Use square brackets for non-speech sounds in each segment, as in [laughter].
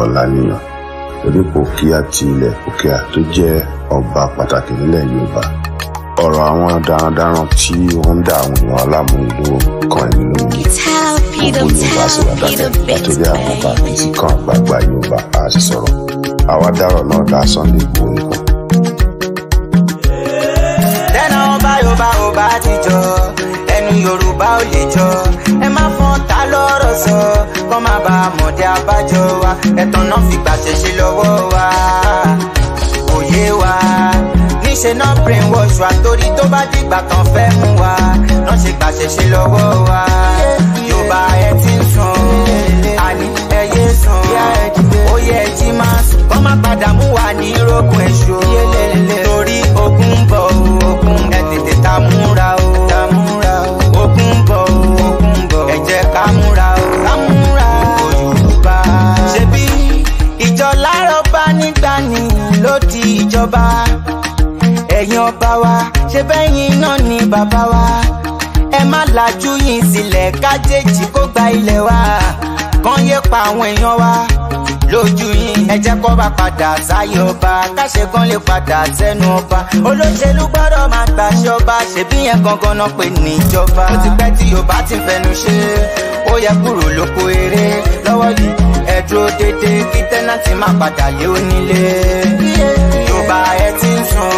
ọ̀làníyàn onípò kíá ti ilẹ̀ òkèà tó jẹ́ ọba pàtàkì nílẹ̀ yorùbá ọ̀rọ̀ àwọn darandaran tí ó ń dá àwọn èèyàn aláàmú ìlú kan ìlú lómi gbogbo yorùbá sì wà nítorí àwọn ọba àti kan àgbààgbà yorùbá á sì sọ̀rọ̀ àwa dárọ̀ náà dá Sunday Igboho nìkan. tẹ́nà ọba yorùbá ò bá ti jọ yorùbá ò lè jọ ẹ má fọn ta lọ́rọ̀ sọ kọ́ má ba àmọ̀dé abájọ wa ẹ̀tàn náà fi gbàṣẹ ṣe lọ́wọ́ wa òye wa níṣẹ́ náà brain wash wa torí tó bá dìgbà tán fẹ́ mú wa náà ṣe gbàṣẹ ṣe lọ́wọ́ wa yorùbá ẹ ti ń sùn àní ẹ yé sùn ó ẹ jí máa sùn kọ́ má padà mú wa ní irógun èṣù. ọba ẹ̀yin ọba wa ṣe bẹ́yìn náà ni bàbá wa ẹ má lajú yín sílẹ̀ kájèjì kó gba ilẹ̀ wa kàn yé pa àwọn èèyàn wa lójú yín ẹ jẹ́ kó bá padà sáyé ọba káṣe gan lè padà sẹ́nu ọba olóṣèlú gbọ́dọ̀ máa gbàṣẹ ọba ṣèbí yẹn gangan náà pé níjọba ó ti pẹ́ tí yorùbá ti fẹnu ṣe ó yẹ kúrò lóko eré lọ́wọ́ yìí ẹ dúró déédéé kí tẹ́nàtì má padà lé onílé. Yeah bá ẹ ti ń sùn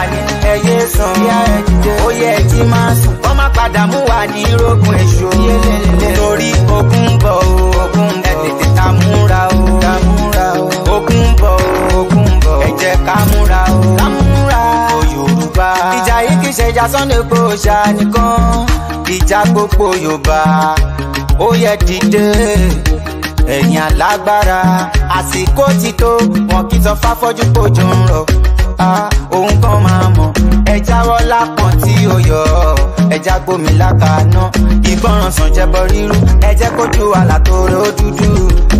àní ẹyẹ sùn ó yẹ kí máa sùn kọ́ má padà mú wa ní rogun èso torí ogun bọ̀ ogun ẹ tètè ta múra o ogun bọ̀ ogun bọ̀ ẹ jẹ́ ká múra o Yorùbá ìjà yìí kì í ṣe ìjà sọ́nà epo ṣá nìkan ìjà gbogbo Yorùbá ó yẹ dìde ẹ̀yin alágbára àsìkò ti tó wọn kì í sọ fáfọ́jú pòjò ń rọ̀ ohun kan máa mọ̀ ẹ jáwọ́ lápọ̀n tí ó yọ ẹ já gbómi lákàánà ìgbọràn sàn jẹbọ rírú ẹ jẹ́ kójú àlà tó rẹ ó dúdú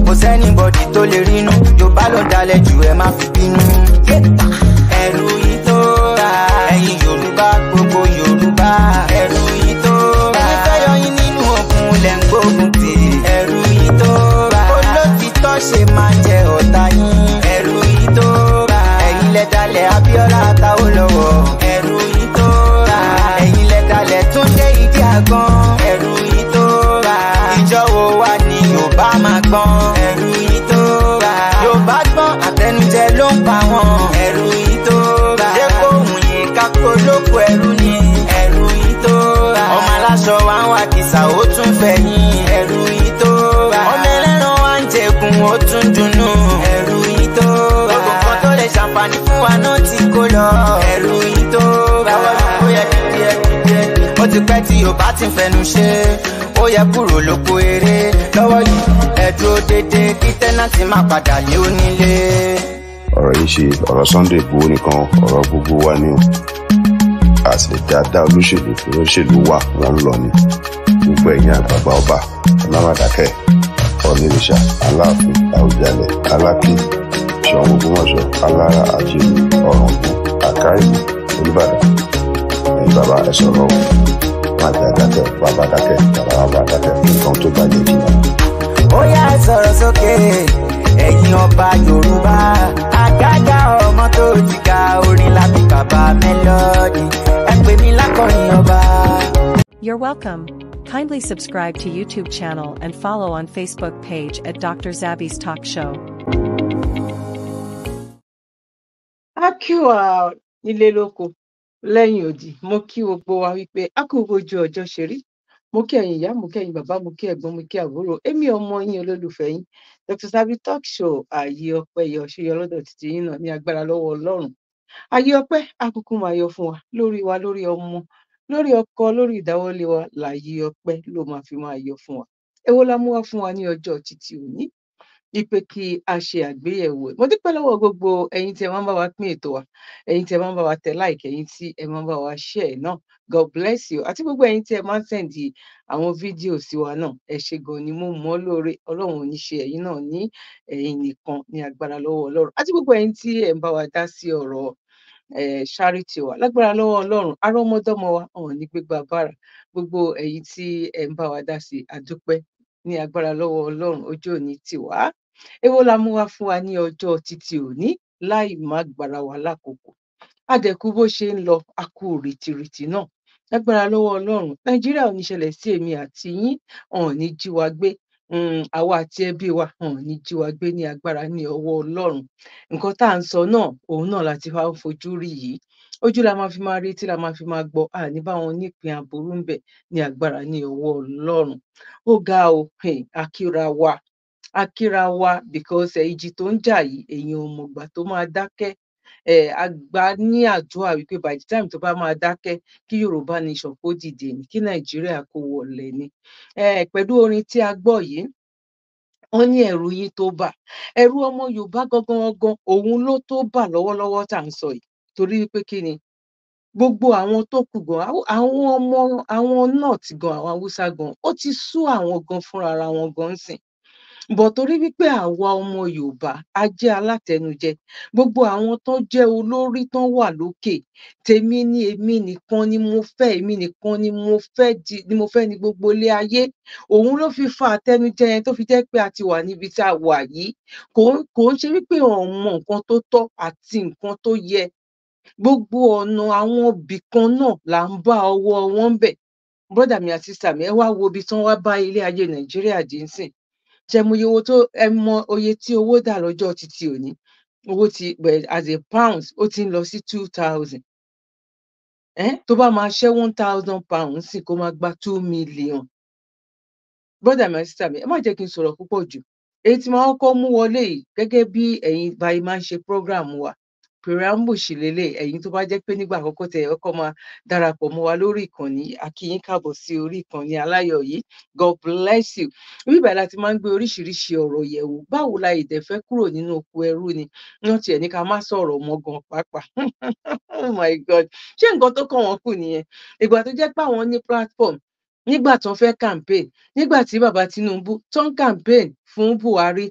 kò sẹ́nìbọ̀dì tó lè rínú yorùbá ló dalẹ̀ jù ẹ má fi bínú. ẹrù yìí tó ra ẹ̀yin yorùbá gbogbo yorùbá. ṣe máa ń jẹ ọ̀tá yín. ẹ̀rù yìí tó bá ẹ̀yin lẹ dalẹ̀ Abíọ́lá táwọn lọ́wọ́. ẹ̀rù yìí tó bá ẹ̀yin lẹ dalẹ̀ Túndé ìdí àgàn. wa náà ti kó lọ. ẹ̀rù yìí tó bá wà ó yẹ díẹ̀ díẹ̀. ó ti pẹ́ tí o bá ti fẹnu ṣe ó yẹ kúrò lóko eré lọ́wọ́ yìí ẹ̀dùn dédé kí tẹ́nàtì má padà lé onílé. ọ̀rọ̀ yìí ṣe ọ̀rọ̀ Sunday Igboho nìkan ọ̀rọ̀ gbogbo wa ni o àti dáadáa olóṣèlú olóṣèlú wà wọ́n lọ ni gbogbo ẹ̀yin àgbààgbà ọba ọlọ́mọdàkẹ́ ọ̀nìrìṣà aláàfin àwùjalẹ̀ alákìí alára olùbàdàn ẹ̀yin bàbá jẹ́ àdákẹ́ bàbá bàbá bàbá nǹkan tó yá sọ̀rọ̀ sókè ẹ̀yin ọba yorùbá àgàgà ọmọ tó jìgà orin láti bàbá pè lákọ̀ọ́yìn ọba. You're welcome. Kindly subscribe to YouTube channel and follow on Facebook page at Dr. Zabby's Talk Show. kí wàá nílé lóko lẹyìn odi mo kí gbogbo wa wípé a kú bójú ọjọ ṣe rí mo kí ẹ̀yin ìyá mo kí ẹ̀yin bàbá mo kí ẹ̀gbọ́n mo kí àbúrò èmi ọmọ yín olólùfẹ́ yín Dr. Zabby Talk Show ààyè ọpẹ́ yọ ṣúyọ lọ́dọ̀ títí yín náà ní agbára lọ́wọ́ Ọlọ́run ààyè ọpẹ́ akúkú máa yọ fún wa lórí wa lórí ọmọ lórí ọkọ lórí ìdáwọ́lé wa láàyè ọpẹ́ ló máa fi máa yọ fún wa èwo la mú wá fún wa ní ọjọ́ títí òní ní pé kí a ṣe àgbéyẹ̀wò ẹ̀. mo dúpẹ́ lọ́wọ́ gbogbo ẹ̀yin tí ẹ máa ń bá wa pín ètò wa ẹ̀yin tí ẹ máa ń bá wa tẹ like ẹ̀yin tí ẹ máa ń bá wa share náà god bless you àti gbogbo ẹ̀yin tí ẹ máa ń sẹ̀ǹdì àwọn fídíò sí wa náà ẹ ṣé gan ni mo mọ̀ lóore ọlọ́run ò ní ṣe ẹ̀yin náà ní ẹ̀yin nìkan ní agbára lọ́wọ́ ọlọ́run àti gbogbo ẹ̀yin tí ẹ ń bá wa dá sí ọ̀rọ̀ ṣáríìtì wa lágbára lọ́wọ́ ọlọ́run arọ́mọdọ́mọ wa ọ̀hún ní gbégbá bára gbogbo ẹ̀yin tí ẹ ń bá wa dá sí àdúpẹ́ ní agbára lọ́wọ́ ọlọ́run ọjọ́ òní tiwa èwo la mú fún wa ní ọjọ títí òní láì má gbára wa lákòókò a dé kú bó ṣe ń lọ a kú rìtìrìtì náà lágbára lọ́wọ́ Ọlọ́run nàìjíríà ò ní ṣẹlẹ̀ sí èmi àti yín ọ̀n ní jí wa gbé um àwa àti ẹbí wa ọ̀n ní jí wa gbé ní agbára ní ọwọ́ Ọlọ́run nǹkan tá à ń sọ náà òun náà láti wá ń fojú rí yìí ojú la máa fi máa rí la máa fi máa gbọ́ àní báwọn nípìn aburú ń bẹ ní agbára ní ọwọ́ Ọlọ́run ó ga o akíra wa Akira wa because ìjì tó ń jà yìí èèyàn ò mọ̀gbà tó máa dákẹ́ a gbà ní àdúrà wípé by the time tó bá máa dákẹ́ kí yorùbá nation kó dìde ní kí nàìjíríà kó wọlé ni pẹ̀lú orin tí a gbọ́ yìí wọn ní ẹ̀rù yín tó bà ẹ̀rù ọmọ yorùbá gangan gangan òun ló tó bà lọ́wọ́lọ́wọ́ tá à ń sọ yìí torí pé kí ni gbogbo àwọn tó kù gan àwọn ọmọ àwọn north gan àwọn haúsá gan ó ti sú àwọn gan fúnra ara wọn gan sìn but torí wípé àwa ọmọ yorùbá a jẹ alátẹnujẹ gbogbo àwọn tó jẹ olórí tó wà lókè tèmi ni èmi nìkan ni mo fẹ èmi nìkan ni mo fẹ di ni mo fẹ ni gbogbo ilé ayé òun ló fi fa àtẹnujẹ yẹn tó fi jẹ pé a ti wà níbi tá a wà yìí kò kò ń ṣe wípé ọmọ nǹkan tó tọ́ àti nǹkan tó yẹ gbogbo ọ̀nà àwọn ibì kan náà là ń bá ọwọ́ wọn bẹ̀ brọ́dà mi àti sísà mi ẹ wá wo ibi tí wọ́n wá bá ilé ayé nàìjíríà dé sìn ṣẹmọye owó tó ẹ mọ oye tí owó dà lọ́jọ́ títí òní owó ti bẹ as a pound ó ti ń lọ sí two thousand tó bá máa ṣẹ́ one thousand pounds sì kó máa gba two million brother my sister mi ẹ má jẹ́ kí n sọ̀rọ̀ púpọ̀ jù èyí tí màá kọ́ mú wọlé yìí gẹ́gẹ́ bí ẹ̀yin báyìí máa ń ṣe program wa preamble sì lélẹ̀ ẹ̀yin tó bá jẹ́ pé nígbà àkọ́kọ́ tẹ ọkọ̀ máa darapọ̀ mọ́ wa lórí ìkànnì akíyín káàbọ̀ sí orí ìkànnì aláyọ̀ yìí god bless you bíbẹ̀ la ti máa ń gbé oríṣiríṣi ọ̀rọ̀ yẹ̀wò báwo la èdè fẹ́ kúrò nínú oko ẹrú ni wọ́n tiẹ̀ ní ká má sọ̀rọ̀ mọ́ gan pàápàá [laughs] oh my god ṣé nǹkan tó kàn wọ́n kù nìyẹn ìgbà tó jẹ́ pé àwọn ní platform nígbà tó fẹ́ campaign nígbà tí bàbá Tinubu tó ń campaign fún Buhari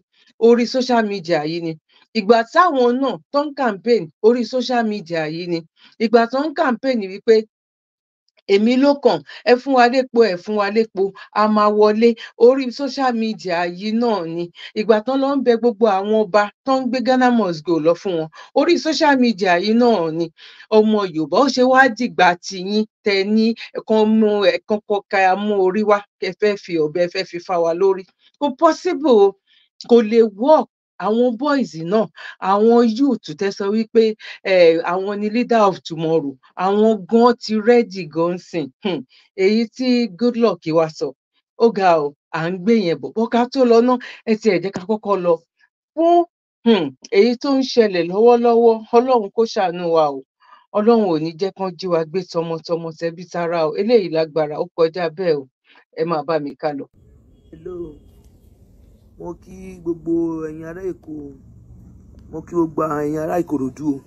orí social media yìí ni ìgbà táwọn náà tó ń campaign orí social media yìí ni ìgbà tó ń campaign wípé èmi ló kàn ẹ fún wa lépo ẹ fún wa lépo a máa wọlé orí social media yìí náà ni ìgbà tán lọ ń bẹ gbogbo àwọn ọba tó ń gbé Ghana must go lọ fún wọn orí social media yìí náà ni ọmọ Yorùbá ó ṣe wá dìgbà tìyín tẹ ní ẹkan mú ẹkan kọka mú orí wá kẹ fi ọ̀bẹ fẹ́ fi fa wa lórí kò possible kò lè work àwọn boys náà àwọn youth tẹ sọ wípé àwọn ni leader of tomorrow àwọn gan ti ready gan sìn um èyí tí goodluck wa sọ ó ga ọ à ń gbé yẹn bọ bọká tó lọ náà ẹ ti ẹ jẹ́ ká kọ́kọ́ lọ fún um èyí tó ń ṣẹlẹ̀ lọ́wọ́lọ́wọ́ Ọlọ́run kò ṣàánú wa o Ọlọ́run ò ní jẹ́ kán jí wa gbé tọmọtọmọ tẹbí tará o eléyìí lágbára ó kọjá bẹ́ẹ̀ o ẹ máa bá mi ká lọ. hello mo kí gbogbo ẹ̀yin ará èkó mo kí gbogbo ẹ̀yin ará ìkòròdú o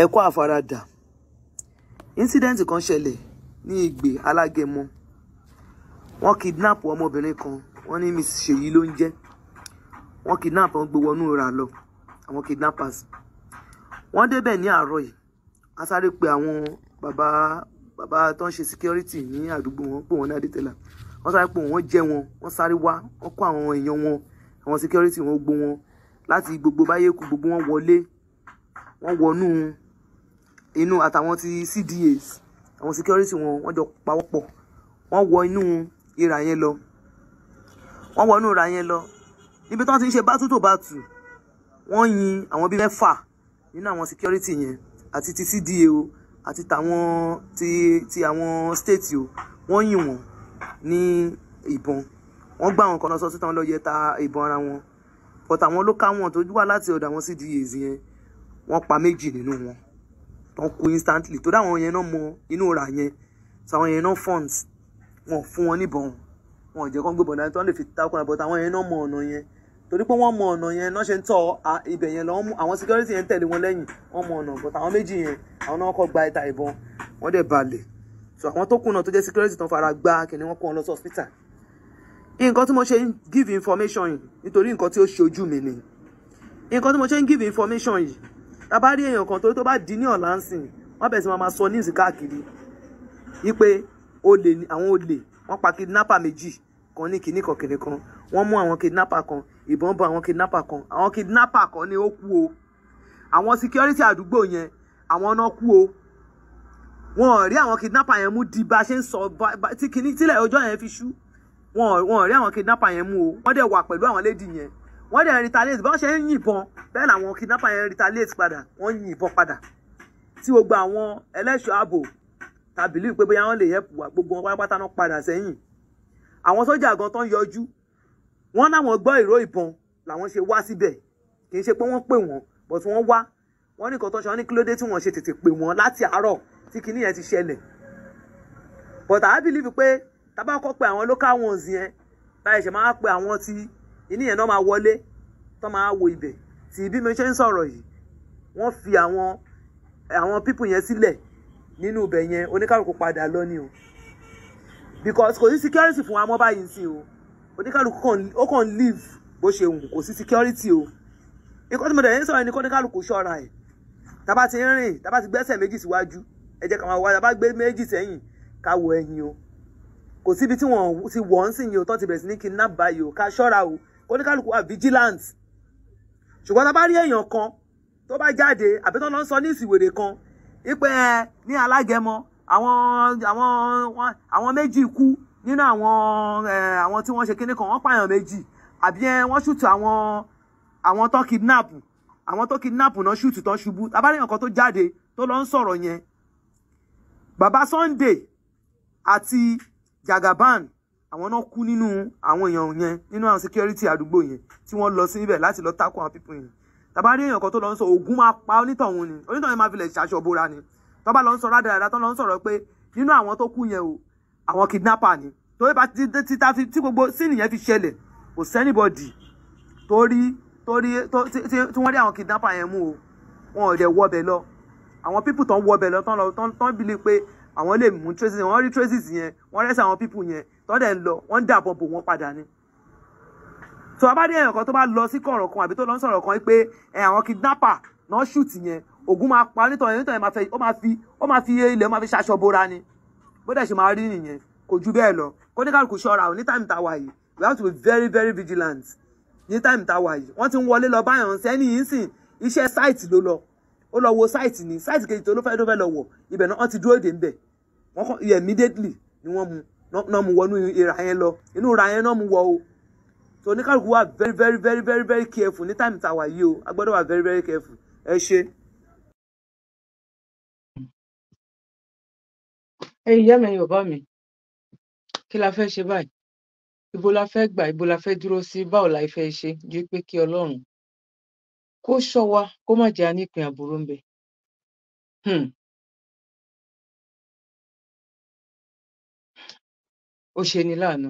ẹ kú àfaradà incident kan ṣẹlẹ̀ ní ìgbè alágẹmọ wọ́n kidnap ọmọbìnrin kan wọ́n ní miss ṣèyí ló ń jẹ́ wọ́n kidnap wọn gbé wọnú ra lọ àwọn kidnappers wọ́n débẹ̀ ní àárọ̀ yìí a sáré pe àwọn bàbá bàbá tó ń ṣe security ní àdúgbò wọn pé wọ́n ní adétẹlà wọ́n sáré pé wọ́n jẹ́ wọn wọ́n sáré wá wọ́n kó àwọn èèyàn wọn àwọn security wọn gbó wọn láti gbogbo báyé kú gbogbo wọn wọlé wọ́n wọnú inú àtàwọn ti CDAs àwọn security wọn wọ́n jọ pawọ́pọ̀ wọ́n wọ inú ìrà yẹn lọ wọ́n wọ inú ìrà yẹn lọ níbi tí wọ́n ti ń ṣe bátú tó bátù wọ́n yin àwọn bíi mẹ́fà nínú àwọn security yẹn àti ti CDA o àti tàwọn ti ti àwọn state o wọ́n yin wọ́n ní ìbọn wọ́n gbà wọn kan lọ sọ síta wọn lọ yẹ ta ìbọn ara wọn but àwọn ló ká wọn tó wà láti ọ̀dọ̀ àwọn cdas yẹn wọ́n pa méjì nínú wọn tán kú instantly tó dáwọn yẹn náà mọ inú ra yẹn táwọn yẹn náà funds wọn fún wọn níbọn wọn ò jẹ́ kán gbébọn dání tí wọ́n lè fi takùn àbọ̀ táwọn yẹn náà mọ ọ̀nà yẹn torí pé wọ́n mọ ọ̀nà yẹn náà ṣe ń tọ́ ibẹ̀ yẹn lọ àwọn security yẹn tẹ̀lé wọn lẹ́yìn wọ́n mọ ọ̀nà but àwọn méjì yẹn àwọn náà kọ́ gba ìta ìbọn wọ́n dẹ̀ balẹ̀ so àwọn tó kù náà tó jẹ́ security tán fara gbá kìnìún wọn kó wọn lọ sí hospital nǹkan tí mo ṣe ń give information yìí nítorí nǹkan tí ó ṣojú mi ni nǹkan tí mo ṣe ń give information yìí tá a bá rí èèyàn kan torí tó bá di ní ọ̀la ń sìn wọ́n bẹ̀rẹ̀ sí máa sọ news káàkiri wípé olè ni àwọn olè wọ́n pa kidnapper méjì kan ní kìíní kan kìíní kan wọ́n mú àwọn kidnapper kan ìbọn bọ àwọn kidnapper kan àwọn kidnapper kan ni ó kú o àwọn security àdúgbò yẹn àwọn náà kú o wọn rí àwọn kidnapper yẹn mú di bá ṣe ń sọ tí kìíní tílẹ̀ ọjọ́ yẹn fi ṣú wọn rí àwọn kidnapper yẹn mú o wọ́n dẹ̀ wà pẹ̀lú àwọn lady yẹn wọ́n dẹ̀ retaliate bọ́n ṣe ń yìnbọn bẹ́ẹ̀ làwọn kidnapper yẹn retaliate padà wọ́n yìnbọn padà tí gbogbo àwọn ẹlẹ́ṣọ́ ààbò tàbí lè pé bóyá wọ́n lè help wà gbogbo wọn pátá náà padà sẹ́yìn àwọn sójà gan tán yọjú wọ́n láwọn gbọ́ ìró ìbọn làwọn ṣe wá síbẹ̀ kì í ṣe pé wọ́n pè wọ́n but wọ́n wá wọ́n ní nǹkan tó ṣe wọ́n ní kílódé tí wọ́n ṣe tètè pè wọ́n láti àárọ̀ tí kinní yẹn ti ṣẹlẹ̀ but I believe pé tábà kọ́ pé àwọn local ones yẹn báyìí ṣe máa pe àwọn tí kinní yẹn náà máa wọlé tó máa wo ibẹ̀ tí bí mi ṣe ń sọ̀rọ̀ yìí wọ́n fi àwọn àwọn people yẹn sílẹ̀ nínú ibẹ̀ yẹn oníkàlùkù padà lọ ni o because kò sí security fún wa mọ́ báyìí ń sìn o oníkàlùkù ó kàn leave bó ṣe wù kò sí security o ikọ́ tí mo dẹ̀ ń sọ̀rọ̀ ẹni kọ́ oníkàlùkù ṣọ́ra ẹ̀ tá bá ti rìn tá ti gbẹ́sẹ̀ méjì síwájú ẹ jẹ́ ká máa wá tá a bá gbé méjì sẹ́yìn ká wo ẹ̀yìn o kò síbi tí wọ́n ti wọ́n sì yìí o tán ti bẹ̀rẹ̀ sí ní kidnap báyìí o ká ṣọ́ra o kóníkàlùkù wà vigilant ṣùgbọ́n tá a bá rí èèyàn kan tó bá jáde àbí tó ń lọ sọ ní ìsìwèrè kan ipe ẹ ní alágẹmọ àwọn àwọn àwọn méjì kú nínú àwọn ẹ àwọn tí wọ́n ṣe kinní kan wọ́n pààyàn méjì àbí ẹ wọ́n ṣùtù àwọn àwọn tó kidnap àwọn tó kidnap náà ṣùtù tó ṣubú abárèyàn kan tó jáde tó lọ ń sọ̀rọ̀ yẹn baba Sunday àti Jagaban àwọn náà kú nínú àwọn èèyàn yẹn nínú àwọn security àdúgbò yẹn tí wọ́n lọ síbẹ̀ láti lọ tako àwọn pípọ̀ yẹn tàbá rí èèyàn kan tó lọ ń sọ ogun máa pa onítọ̀hún ni onítọ̀hún máa filẹ̀ ṣaṣọ bora ni tọ́ba lọ ń sọ rádaràdà tó lọ ń sọ̀rọ̀ pé nínú àwọn tó kú yẹn o àwọn kidnapper ni torí bá ti ta tí gbogbo sínú yẹn fi ṣẹlẹ̀ kò sẹ́nìbọ̀dì torí torí tí wọ́n rí àwọn kidnapper yẹn mú o wọn ò dẹ̀ wọ́ bẹ̀ lọ àwọn people tán wọ ọbẹ̀ lọ tán lọ tán tán believe pé àwọn lè mú traces wọ́n rí traces yẹn wọ́n rẹ́sẹ̀ àwọn people yẹn tán dẹ̀ ń lọ wọ́n ń dàbọ̀ bò wọ́n padà ni. tó a bá dé èèyàn kan tó bá lọ sí kọ̀rọ̀ kan àbí tó lọ ń sọ̀rọ̀ kan pé àwọn kidnapper náà shoot yẹn ogun máa pa nítorí nítorí ó máa fi ó máa fi ilẹ̀ ó máa fi ṣaṣọ bora ni bó dẹ̀ ṣe máa rí nìyẹn kò ju bẹ́ẹ̀ lọ kó ní kálukú ṣọ́ra ò ní táìmù tá a wà yìí we have to be very very vigilant ní táìmù tá a wà yìí wọ́n ti ń wọlé lọ báyọ̀ ń sẹ́ni yìí ń sìn iṣẹ́ sáìtì ló lọ ó lọ wo sáìtì ní sáìtì kejì tó ló fẹ́ ló fẹ́ lọ wọ̀ ibẹ̀ náà wọ́n ti dúró dè ń bẹ̀ wọ́n kọ́ immediately ni wọ́n mu náà mu wọnú ìrà yẹn lọ inú ìrà yẹn náà mu wọ o so oníkàlùkù wà very very very very very careful ní táìmù tàwa yìí o a gbọ́dọ̀ wà very very careful ẹ ṣe. ẹyin ìyá mi ẹyin bàbá mi kí la fẹ́ ṣe báyìí ibo la fẹ́ gbà ibo la fẹ́ dúró sí báwo la fẹ́ ṣe ju pé kí ọlọ́run kó sọ wa kó má jẹ à nípín aburú ńbẹ um ó ṣeni láàánú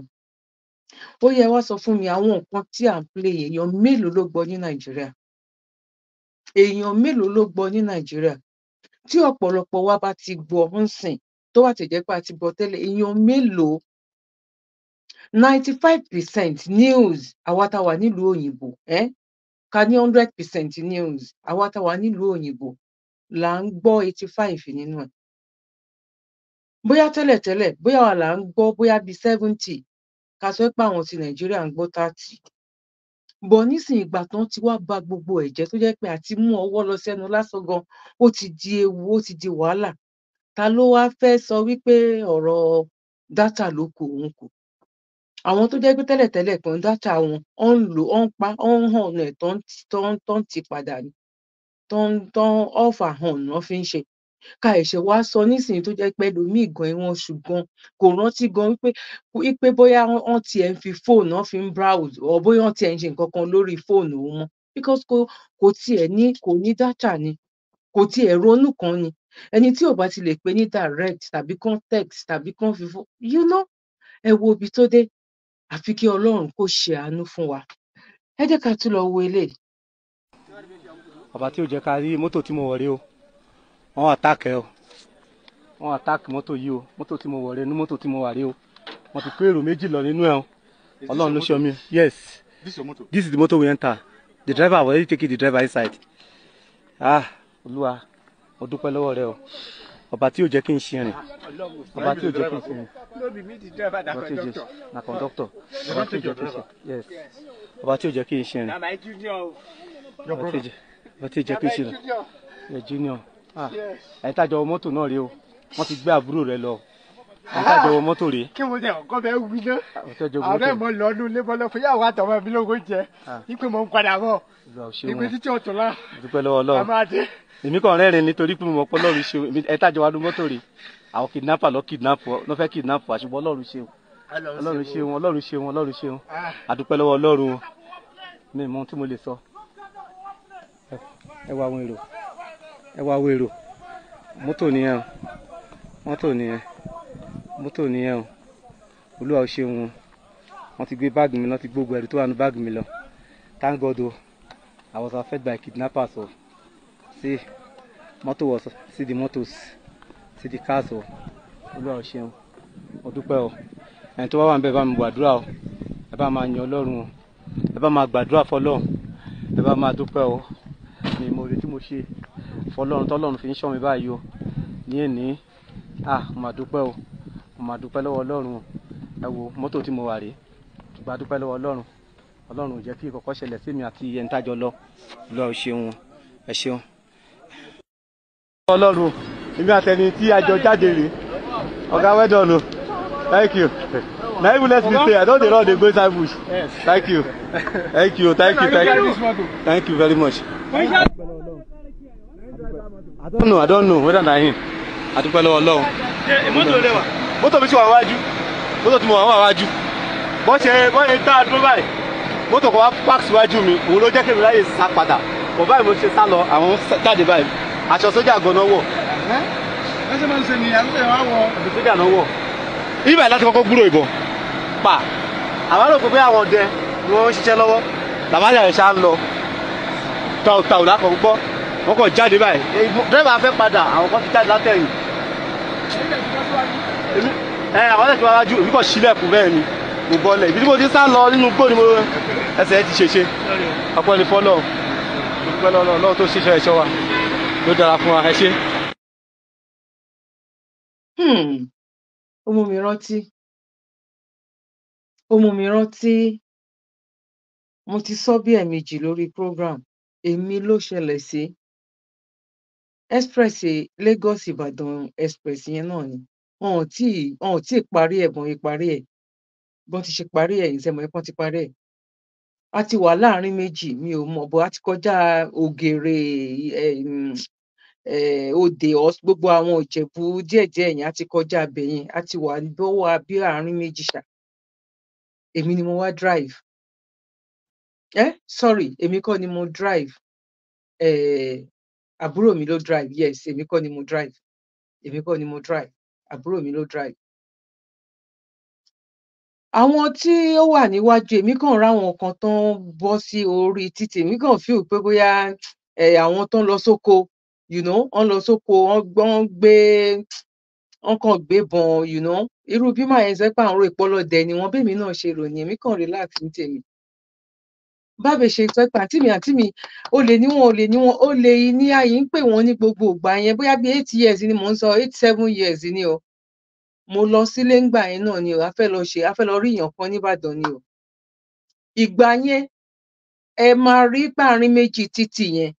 ó yẹ ẹ wàá sọ fún mi àwọn nǹkan tí à ń play èèyàn mélòó ló gbọ́ ní nàìjíríà èèyàn mélòó ló gbọ́ ní nàìjíríà tí ọ̀pọ̀lọpọ̀ wa bá ti gbọ́ ń tó wà tẹjẹ pé a ti gbọ́ tẹ́lẹ̀ èèyàn mélòó ninety five percent news àwa tá a wà nílùú òyìnbó um ká ní hundred percent news àwa táwa nílùú òyìnbó là ń gbọ́ eighty five nínú ẹ̀ bóyá tẹ́lẹ̀tẹ́lẹ̀ bóyá wà là ń gbọ́ bóyá bíi seventy ká sọ pé àwọn ti nàìjíríà ń gbọ́ thirty bọ̀ nísìnyí ìgbà tán ti wá ba gbogbo ẹ̀jẹ̀ tó jẹ́ pé àti mú ọwọ́ lọ sẹ́nu lásán gan ó ti di ewu ó ti di wàhálà ta ló wáá fẹ́ sọ wípé ọ̀rọ̀ dátà ló ku òun kù àwọn tó jẹ́ pé tẹ́lẹ̀tẹ́lẹ̀ kan dátà wọn ọ̀ ń lò ọ̀ ń pa ọ̀ ń hàn ọ̀nà ẹ̀ tó ń ti padà ni tó ń tó ń ọ̀fà hàn ọ̀nà fi ń ṣe ká ẹ̀ṣẹ̀ wá sọ nísìnyí tó jẹ́ pé ẹlòmíì gan ẹ̀wọ̀n ṣùgbọ́n kò rántí gan wípé wípé bóyá wọ́n tiẹ̀ ń fi fóònù wọ́n fi ń browse or bóyá wọ́n tiẹ̀ ń ṣe nǹkan kan lórí fóònù òun mọ́ because kò kò tiẹ̀ ní kò ní dátà ni kò tiẹ̀ ronú kan ni ẹni tí ò bá ti lè pè ní direct tàbí kán text tàbí kán fi fó you know ẹ wo ibi tó dé àfi kí ọlọ́run kó ṣe àánú fún wa ẹ jẹ́ ká tún lọ wo eléyìí. bàbá tí ò jẹ́ ká rí mọ́tò tí mo wọ̀ rí o wọ́n àtàkẹ́ o wọ́n àtàkì mọ́tò yìí o mọ́tò tí mo wọ̀ inú mọ́tò tí mo wà rí o wọ́n ti kó èrò méjì lọ nínú ẹ̀ o ọlọ́run ló ṣọ́ mi yes this, is the motor we enter the driver already take the driver inside ah olúwa mo dúpẹ́ lọ́wọ́ rẹ o ọba tí yóò jẹ́ kí n ṣe rìn ọba tí yóò jẹ́ kí n ṣe rìn ọba tí yóò jẹ́ na conductor ọba tí yóò jẹ́ kí n ṣe yes ọba tí yóò jẹ́ kí n ṣe rìn ọba tí yóò jẹ́ kí n ṣe rìn yẹ junior ah ẹ̀yin tájọ mọ́tò náà rí o wọ́n ti gbé àbúrò rẹ lọ nta jọ wọ mọ́tò rè. kí mo jẹ ọkọ bẹ wí ná ààrẹ mọ lọnu lébọlọ fún yàwó àtọmọ mi lóko jẹ ipe ah. mo ń padà bọ ipe títí ọtún la a máa dé. èmi kàn rẹ́rìn nítorí pé mo mọ̀ pé Ọlọ́run o ẹ tá jọ wà ní mọ́tò rè àwọn kidnapper lọ kidnap lọ fẹ́ kidnap àṣùgbọ́n Ọlọ́run ṣe Ọlọ́run ṣe wọn Ọlọ́run ṣe o Ọlọ́run ṣe wọn àdúpẹ́ ah. lọ́wọ́ Ọlọ́run wọn mi mọ ohun tí mo lè sọ ẹ wá àwọn èrò ẹ wá nìyẹn mọ́tò nìyẹn mọ́tò nìyẹn o olúwa ò ṣeun wọn ti gbé báàgì mi lọ ti gbógun ẹrù tó wà ní báàgì mi lọ thank God o I was affected by kidnappers o see mọ́tò was see the motos see the cars o olúwa ò ṣeun o dúpẹ́ o ẹni tó bá wà ń bẹ̀ bá mi gbàdúrà o ẹ bá máa yan ọlọ́run o ẹ bá máa gbàdúrà fọlọ́run ẹ bá máa dúpẹ́ o mi mo retí mo ṣe fọlọ́run tọ́lọ́run fi ń ṣọ́ mi báyìí o ní èní à máa dúpẹ́ o mo máa dúpẹ́ lọ́wọ́ ọlọ́run ẹ wo mọ́tò tí mo wà rèé gba dúpẹ́ lọ́wọ́ ọlọ́run ọlọ́run ò jẹ́ kí ìkọ̀kọ̀ ṣẹlẹ̀ sí mi àti ẹni tájọ lọ lọ ṣeun ẹ ṣeun. ọlọ́run èmi àtẹni tí a jọ jáde rèé ọ̀gá wẹ́dọ̀n o thank you na even let me say i don dey run dey go inside bush thank you thank you thank you thank you thank you very much. i don't know i don't know whether na him a dúpẹ́ lọ́wọ́ ọlọ́run. ṣe ìmọ̀tò lẹ́wà mọ́tò mi ti wà wájú mọ́tò tí mo wà wájú bọ́ ṣe bọ́ ṣe tá a dúró báyìí mọ́tò kan wá park síwájú mi òun ló jẹ́ kí mi láyè sá padà kò báyìí mo ṣe sá lọ àwọn jáde báyìí aṣọ sójà gan-an wọ̀. ẹ ṣe máa ń ṣe nìyà ló yẹ wá wọ. aṣọ sójà náà wọ̀ ibà láti kọ́kọ́ gbúrò ìbọn pa àwọn àlòkù pé àwọn ọdẹ ni wọ́n ń ṣiṣẹ́ lọ́wọ́ làbájá rẹ̀ ṣá ń lọ tàùtàù lákọ̀ ń gbọ́ wọ́n kàn jáde báyìí dẹ́rẹ́bà fẹ́ padà àwọn kan ti jáde látẹ̀yìn ẹ àwọn ẹ̀sìn wàá ju èmi kò sílẹ̀kùn bẹ́ẹ̀ ni mo bọ́lẹ̀ ibi tí mo ti sá lọ nínú gbó ni mo ẹsẹ̀ ti ṣèṣe ọpẹ́ ni fọ́lọ́ ọpẹ́ lọ́nà ọlọ́run tó ṣiṣẹ́ ẹ̀ṣọ́ wa ló dára fún wa ẹ ṣé. Hmm. ó mú mi rántí ó mú mi rántí mo ti sọ bí ẹ̀ẹ̀mejì lórí program èmi ló ṣẹlẹ̀ sí express Lagos Ìbàdàn express yẹn náà ni wọn ò tí wọn ò tí ì parí ẹ bọ́n ì parí ẹ bọ́n ti ṣe parí ẹ ìṣẹ̀mọ̀ ẹ̀ pọ́n ti parí ẹ a ti wà láàrin méjì mi ò mọ̀ bó a ti kọjá ògèrè òde gbogbo àwọn ìjẹ̀bú díẹ̀díẹ̀ yẹn a ti kọjá abẹ̀yẹn a ti wà lọ́wọ́ bí àárín méjì ṣá èmi ni mo wá drive ẹ sorry èmi kọ́ ni mo drive àbúrò mi ló drive yes èmi kọ́ ni mo drive èmi kọ́ ni mo drive àbúrò mi ló drive àwọn tí ó wà níwájú e, èmi kàn ráwọn kan tó bọ sí orí títì èmi kàn fíò pé bóyá àwọn tó lọ sóko you know wọn lọ sóko wọn gbọn gbé wọn kàn gbébọn you know irú bí màá yẹn ṣe pé àwọn rò pé ọlọdẹ ni wọn bẹmí náà ṣe rò èmi kàn relax ní tèmi bábẹ ṣe sọ pé àǹtí mi àǹtí mi olè ni wọn olè ni wọn olè ní ààyè ń pè wọn ní gbogbo ìgbà yẹn bóyá bíi eight years ni mò ń sọ eight seven years ni o mo lọ sílé ńgbà yẹn náà ni o a fẹ́ lọ ṣe a fẹ́ lọ rí èèyàn kan nìbàdàn ni o ìgbà yẹn ẹ máa rí gbàrin méjì títì yẹn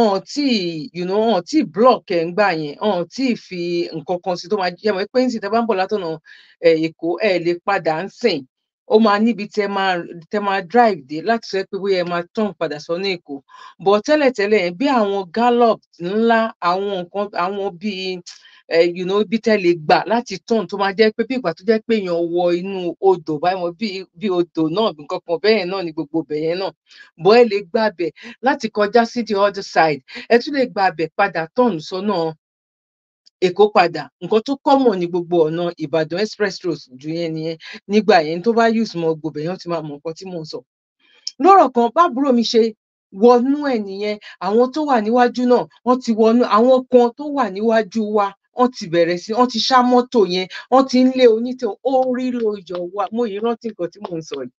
ọ̀n tí you know ọ̀n tí block ẹ̀ ń gbà yẹn ọ̀n tí fi nǹkan kan sí tó máa jẹ́ mọ́ pé ń sìn tẹ́ bá ń bọ̀ látọ̀nà eh, Èkó ẹ̀ lè padà ń sìn ó máa níbi tẹ máa tẹ máa drive dé láti sọ pé bóyá ẹ máa turn padà sọ́nà èkó bọ̀ tẹ́lẹ̀tẹ́lẹ̀ bí àwọn gallop ńlá àwọn nǹkan àwọn bíi you know bí tẹ́lẹ̀ gbà láti turn tó máa jẹ́ pé bí ìgbà tó jẹ́ pé èèyàn wọ inú odò báyìí bí bí odò náà bí nǹkan kan bẹ́ẹ̀ náà ni gbogbo bẹ̀yẹn náà bọ́ ẹ lè gbàbẹ̀ láti kọjá sí the other side ẹ tún lè gbàbẹ̀ padà turn sọ́nà èkó padà nǹkan tó kọ́mọ̀ ní gbogbo ọ̀nà ìbàdàn express road jù yẹn nìyẹn nígbà yẹn tó bá use mọ gbòbẹ̀ yẹn ti máa mọ nǹkan tí mò ń sọ lọ́rọ̀ kan bábúrò mi ṣe wọnú ẹ̀ nìyẹn àwọn tó wà níwájú náà wọ́n ti wọnú àwọn kan tó wà níwájú wa wọ́n ti bẹ̀rẹ̀ sí wọ́n ti ṣá mọ́tò yẹn wọ́n ti ń lé onítọ̀ ó rí lóyọ̀ wa mo yìí rántí nǹkan tí mò ń sọ yìí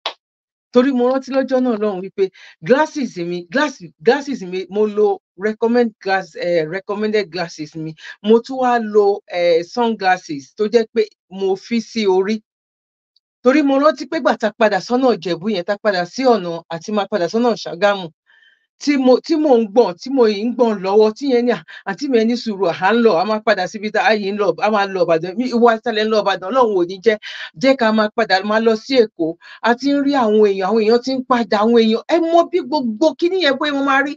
torí mo rántí lọ́jọ́ náà lọ́hùn wípé glasses mi glasses glasses mi mo lo recommend glass eh, recommended glasses mi mo tún wá lo eh, sunglasses tó jẹ́ pé mo fi sí orí torí mo rántí pé gbà tá padà sọ́nà Ìjẹ̀bú yẹn tá padà sí ọ̀nà àti máa padà sọ́nà Ṣàgámù tí mo tí mò ń gbọn tí mo yìí ń gbọn lọ́wọ́ tí yẹn ní àti mi ẹni sùúrù à ń lọ a máa padà síbi tá a yìí ń lọ a máa lọ Ìbàdàn ìwọ àtàlẹ ń lọ Ìbàdàn Ọlọ́run ò ní jẹ́ jẹ́ ká máa padà máa lọ sí Èkó a ti ń rí àwọn èèyàn àwọn èèyàn ti ń padà àwọn èèyàn ẹ mọ̀ bí gbogbo kíní yẹn bóyá wọ́n máa rí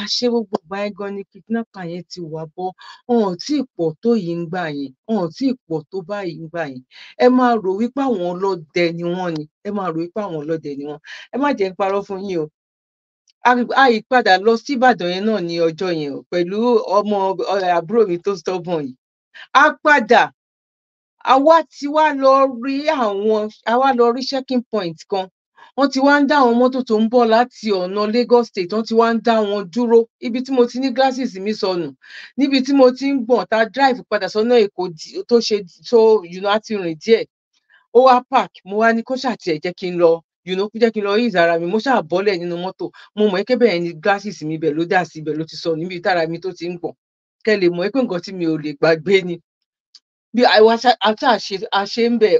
àṣẹ gbogbo ìgbà yẹn gan ni kidnapper yẹn ti wà bọ ọ̀hún tí ìpọ̀ tó yìí ń gbà yẹn ọ̀hún tí ìpọ̀ tó báyìí ń gbà yẹn ẹ máa rò wípé àwọn ọlọ́dẹ ni wọ́n ni ẹ máa rò wípé àwọn ọlọ́dẹ ni wọ́n ẹ má jẹ́ ń parọ́ fún yín o àìpadà lọ síbàdàn yẹn náà ní ọjọ́ yẹn o pẹ̀lú ọmọ àbúrò mi tó stubborn yìí a padà àwa ti wá lọ rí àwọn àwa lọ rí checking point kan wọ́n ti wá ń dá àwọn mọ́tò tó ń bọ̀ láti ọ̀nà Lagos State wọ́n ti wá ń dá wọn dúró ibi tí mo ti ní glasses mi sọnù níbi tí mo ti ń gbọ̀n ta drive padà sọ́nà Èkó tó ṣe tó yunátìrìn díẹ̀ ó wá park mo wá ní kó ṣàtì ẹ̀ jẹ́ kí n lọ you know jẹ́ kí n lọ yí ìzára mi mo ṣáà bọ́lẹ̀ nínú mọ́tò mo mọ̀ ẹ́ bẹ́ẹ̀ ni glasses mi bẹ̀ ló dà sí ibẹ̀ ló ti sọ níbi tára mi tó ti ń gbọ̀n kẹ́ lè mọ̀ ẹ́ nǹkan tí mi ò lè gbàgbé ni bí àwa àti àṣe ń bẹ̀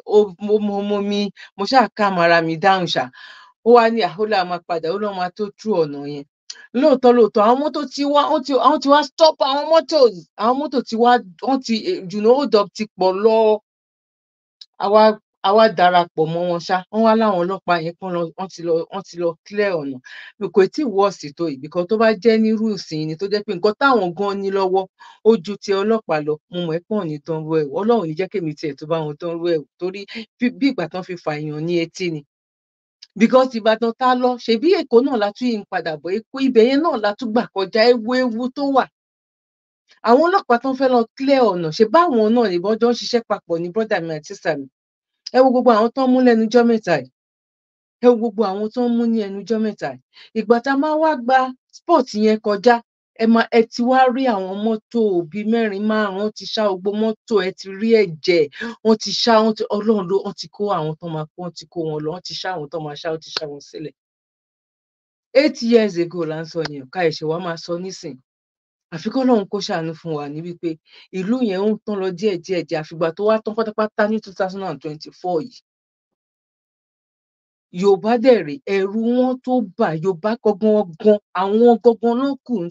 mo mo mi mo ṣáà ká mara mi dáhùn ṣá ó wá ní àhólà máa padà ó lọ́ọ́ máa tó tú ọ̀nà yẹn lóòótọ́ lóòótọ́ àwọn mọ́tò ti wá àwọn ti wá stop àwọn mọ́tò àwọn mọ́tò ti wá wọ́n ti jùlọ eh, ó dọ̀ ti pọ̀ lọ àwa a wá darapọ̀ mọ́ wọn ṣá wọ́n wá láwọn ọlọ́pàá yẹn kán wọ́n ti lọ wọ́n ti lọ clear ọ̀nà kò tí ì wọ́ọ̀sì tó ibì kan tó bá jẹ́ nírú ìsìn ni tó jẹ́ pé nǹkan táwọn gan ní lọ́wọ́ ó ju ti ọlọ́pàá lọ mo mọ̀ ẹ́ pọ̀ ní tán rú ẹ̀wọ̀ ọlọ́run ní jẹ́ kémi tiẹ̀ tó bá wọn tán rú ẹ̀wọ̀ torí bí ìgbà tán fi fàyàn ní etí ni because ìbàdàn tá a lọ ṣebí èkó náà la yìí ń padà bọ̀ èkó ibẹ̀ yẹn náà la gbà kọjá ewu ewu tó wà àwọn ọlọ́pàá tán fẹ́ lọ clear ọ̀nà ṣe báwọn náà ni bọ́jọ́ ń ṣiṣẹ́ papọ̀ ní brọ́dà mi àti sísà mi ẹ wo gbogbo àwọn tó ń mú lẹnu ọjọ mẹta yìí ẹ wo gbogbo àwọn tó ń mú ní ẹnu ọjọ mẹta yìí ìgbà tá a máa wá gba sport yẹn kọjá ẹ máa ẹ ti wá rí àwọn mọtò òbí mẹrin márùnún ti ṣá gbogbo mọtò ẹ ti rí ẹjẹ wọn ti ṣá wọn ti ọlọrun ló wọn ti kó àwọn tó máa kó wọn ti kó wọn lọ wọn ti ṣá àwọn tó máa ṣá wọn ti ṣá wọn sílẹ eight years ago là ń sọ yẹn ká ẹ ṣe wàá máa sọ nísìn àfi kọ́lọ́run kó ṣàánú fún wa ní wípé ìlú yẹn ń tán lọ díẹ̀díẹ̀ díẹ̀ àfìgbà tó wá tán pátápátá ní two thousand and twenty-four yìí yorùbá dẹ̀ rèé ẹ̀rù wọn tó bà yorùbá gangan gan àwọn gangan náà kù ń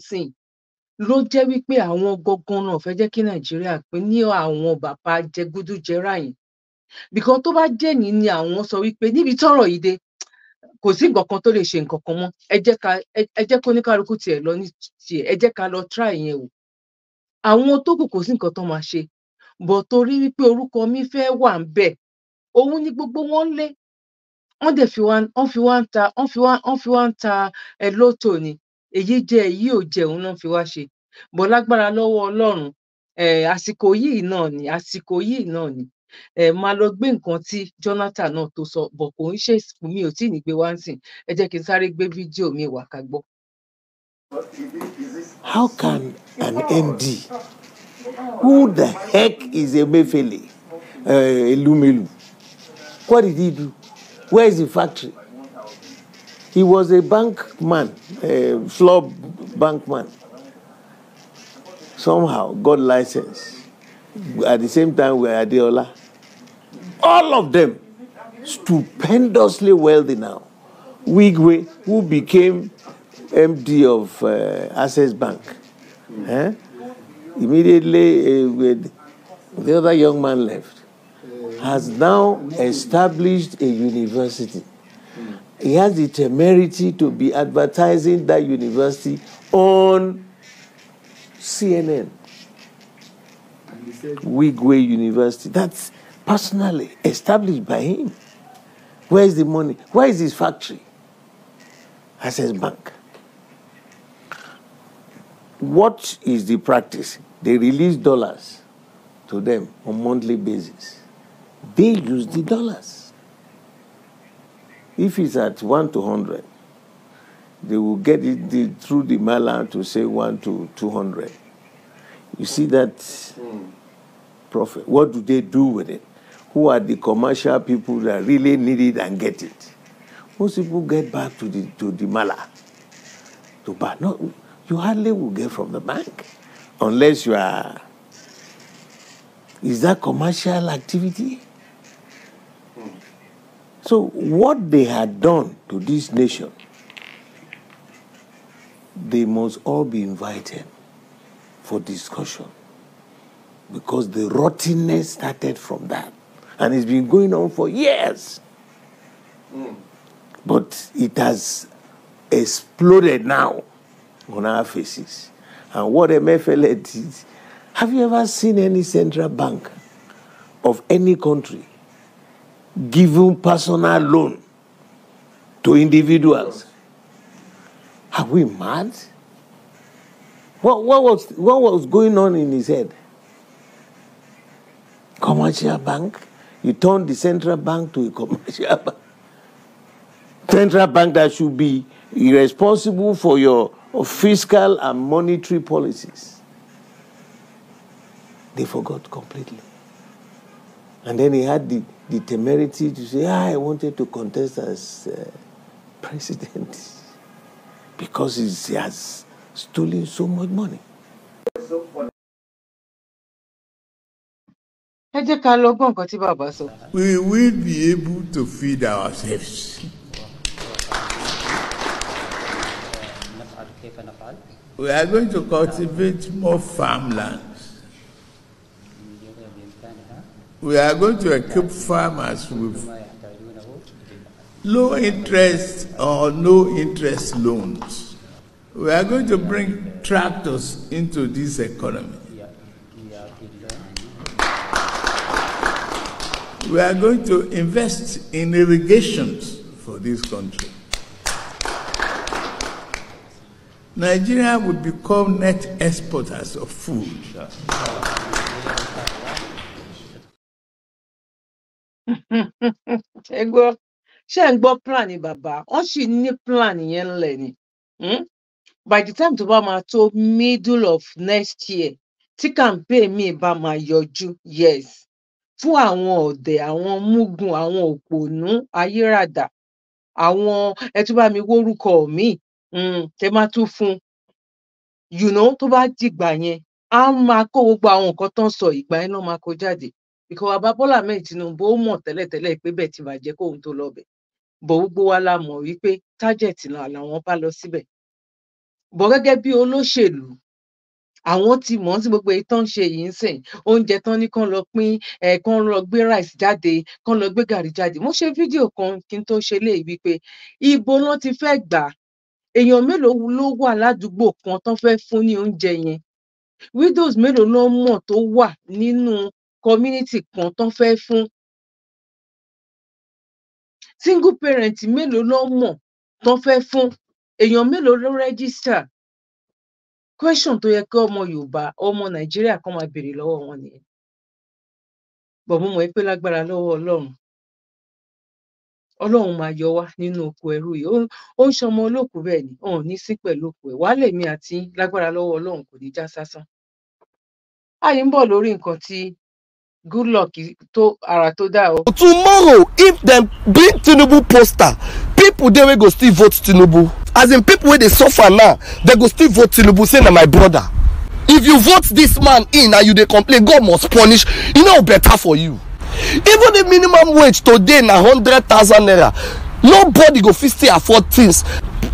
ló jẹ́ wípé àwọn gangan náà fẹ́ jẹ́ kí nàìjíríà pín ní àwọn bàbá jẹgúdújẹrá yẹn bìkan tó bá jẹ́ ní ni àwọn sọ wípé níbi tọ́rọ̀ yìí dé kò sí nǹkan kan tó lè ṣe nǹkan kan mọ́ ẹ jẹ́ ká ẹ jẹ́ kó oníkálukú tiẹ̀ lọ ní tiẹ̀ ẹ jẹ́ ká lọ try yẹn o àwọn tó kù kò sí nǹkan tó máa ṣe bọ̀ torí wípé orúkọ mi fẹ́ wà ń bẹ̀ òun ni gbogbo wọn lé wọn dẹ̀ fi wá wọn fi wá ń ta wọn fi wá wọn fi wá ń ta ẹ lóto ni èyí jẹ èyí ò jẹ òun náà fi wá ṣe bọ̀ lágbára lọ́wọ́ Ọlọ́run àsìkò yìí náà ni àsìkò yìí náà ni ẹ máa lọ gbé nǹkan tí Jonathan náà tó sọ bọ̀ kò ń ṣe mi ò tí ì ní gbé wá ẹ jẹ́ kí n sáré gbé fídíò mi wá ká gbọ́. How can an MD who the heck is Emefiele uh, What did he do? Where is the factory? He was a bank man, a floor bank man. Somehow got license. At the same time, we were Adeola. all of them stupendously wealthy now. Wigwe, who became MD of uh, Access Bank, eh? immediately uh, with the other young man left, has now established a university. He has the temerity to be advertising that university on CNN. Wigwe University. That's personally established by him. Where is the money? Where is his factory? says Bank. What is the practice? They release dollars to them on monthly basis. They use the dollars. If it's at 1 to 100, they will get it the, through the mailer to say 1 to 200. You see that hmm. profit? What do they do with it? who are the commercial people that really need it and get it. Most people get back to the to the mala, to buy. No, you hardly will get from the bank unless you are. Is that commercial activity? So what they had done to this nation, they must all be invited for discussion because the rottenness started from that. and it's been going on for years. Mm. But it has exploded now on our faces. And what MFLA did, have you ever seen any central bank of any country giving personal loan to individuals? Are we mad? What, what, was, what was going on in his head? Commercial bank? You turn the central bank to a commercial bank. Central bank that should be responsible for your fiscal and monetary policies. They forgot completely. And then he had the, the temerity to say, ah, I wanted to contest as uh, president [laughs] because he has stolen so much money. ẹ jẹ́ ká lọ gbọ́ nǹkan tí bàbá sọ. we will be able to feed ourselves. we are going to cultivate more farmlands. we are going to equip farmers with low interest or no interest loans. We are going to bring tractors into this economy. we are going to invest in irrigations for this country. Nigeria would become net exporters of food. [laughs] ẹ gbọ́ ṣé ń gbọ́ plan ni bàbá wọ́n sì ní plan yẹn ńlẹ̀ ni hmm? by the time tó bá máa tó middle of next year tí campaign mi bá máa yọjú yes fún àwọn ọdẹ àwọn mugun àwọn òpònú ayérádà àwọn ẹ tún bá mi wórúkọ míì um hmm, tẹ má tún fún you know tó bá dìgbà yẹn á máa kó gbogbo àwọn nǹkan tó ń sọ ìgbà yẹn náà máa kó jáde ìkọwà bá Bọ́lá Ahmed Tinubu ó mọ̀ tẹ́lẹ̀tẹ́lẹ̀ pé bẹ́ẹ̀ ti bàjẹ́ kóun tó lọ bẹ̀ bọ̀ gbogbo wa la mọ̀ wípé tájẹ̀tì làwọn bá lọ síbẹ̀ bọ̀ gẹ́gẹ́ bí olóṣèlú àwọn ti mọ̀ ọ́n sí gbogbo èyí tó ń ṣe yìí ń sìn oúnjẹ tán ní kán lọ pín ẹ kán lọ gbé rice jáde kán lọ gbé gàrí jáde mo ṣe fídíò kan kí n tó ṣe léyìí wípé ibo lọ́n ti fẹ́ gbà èèyàn mélòó ló wà ládùúgbò kan tán fẹ́ fún ní oúnjẹ yẹn widows mélòó ló mọ̀ tó wà nínú community kan tán fẹ́ fún single parent mélòó ló mọ̀ tán fẹ́ fún èèyàn mélòó ló register question tó yẹ kí ọmọ yorùbá ọmọ nàìjíríà kan máa béèrè lọ́wọ́ wọn nìyẹn bọ mọ pé lágbára lọ́wọ́ ọlọ́run ọlọ́run máa yọ wá nínú oko ẹrú yìí ó ń ṣọmọ olókùú bẹ́ẹ̀ ni òun ní sí pẹ̀lú òkú ẹ wàá lèmi àti lágbára lọ́wọ́ ọlọ́run kò ní já sásán àyè ń bọ̀ lórí nǹkan tí good luck tó ara tó dá o. tomorrow if dem bring tinubu poster pipo dey wey go still vote tinubu as in people wey dey suffer now dem go still vote tinubu say na my brother if you vote this man in and you dey complain god must punish e no better for you even the minimum wage today na hundred thousand naira nobody go fit still afford things